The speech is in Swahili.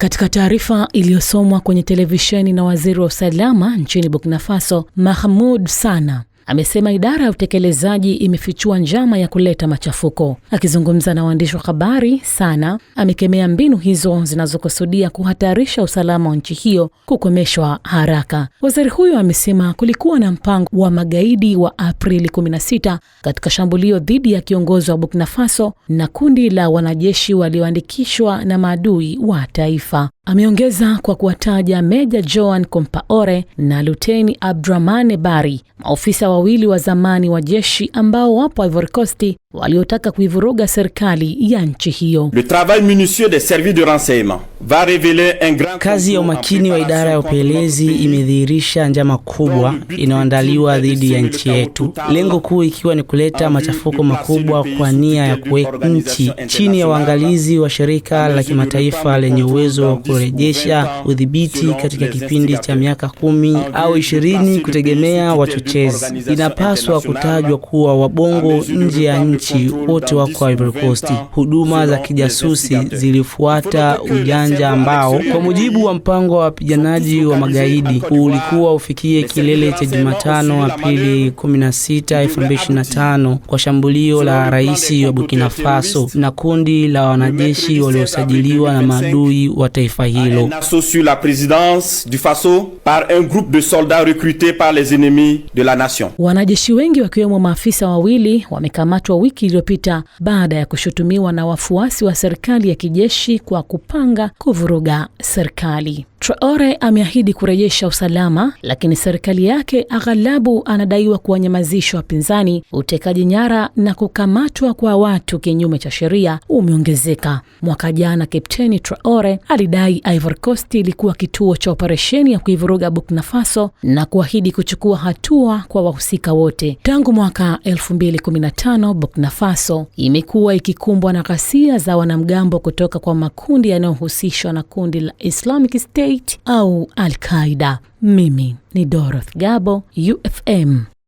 Katika taarifa iliyosomwa kwenye televisheni na waziri wa usalama nchini Burkina Faso Mahmoud Sana amesema idara ya utekelezaji imefichua njama ya kuleta machafuko. Akizungumza na waandishi wa habari, Sana amekemea mbinu hizo zinazokusudia kuhatarisha usalama wa nchi hiyo kukomeshwa haraka. Waziri huyo amesema kulikuwa na mpango wa magaidi wa Aprili 16 katika shambulio dhidi ya kiongozi wa Burkina Faso na kundi la wanajeshi walioandikishwa na maadui wa taifa. Ameongeza kwa kuwataja Meja Joan Compaore na Luteni Abdramane Bari, maofisa wawili wa zamani wa jeshi ambao wapo Ivory Coast waliotaka kuivuruga serikali ya nchi hiyo. Le travail minutieux des services de renseignement va reveler un grand. Kazi ya umakini wa idara ya upelelezi imedhihirisha njama kubwa inayoandaliwa dhidi ya nchi yetu, lengo kuu ikiwa ni kuleta machafuko makubwa kwa nia ya kuweka nchi chini ya uangalizi wa shirika la kimataifa lenye uwezo wa kurejesha udhibiti katika kipindi cha miaka kumi au ishirini kutegemea wachochezi. Inapaswa kutajwa kuwa wabongo nje ya nchi wananchi wote wako Ivory Coast. Huduma za kijasusi zilifuata ujanja ambao kwa mujibu wa mpango wa wapiganaji wa magaidi ulikuwa ufikie kilele cha Jumatano Aprili 16, 2025 kwa shambulio la rais wa Burkina Faso na kundi la wanajeshi waliosajiliwa na maadui wa taifa hilo. Wanajeshi wengi wakiwemo maafisa wawili wamekamatwa wiki iliyopita baada ya kushutumiwa na wafuasi wa serikali ya kijeshi kwa kupanga kuvuruga serikali. Traore ameahidi kurejesha usalama, lakini serikali yake aghalabu anadaiwa kuwanyamazisha wapinzani. Utekaji nyara na kukamatwa kwa watu kinyume cha sheria umeongezeka. Mwaka jana, Kapteni Traore alidai Ivory Coast ilikuwa kituo cha operesheni ya kuivuruga Burkina Faso na kuahidi kuchukua hatua kwa wahusika wote. Tangu mwaka 2015 Burkina Burkina Faso imekuwa ikikumbwa na ghasia za wanamgambo kutoka kwa makundi yanayohusishwa na kundi la Islamic State au Al-Qaida. Mimi ni Dorothy Gabo, UFM.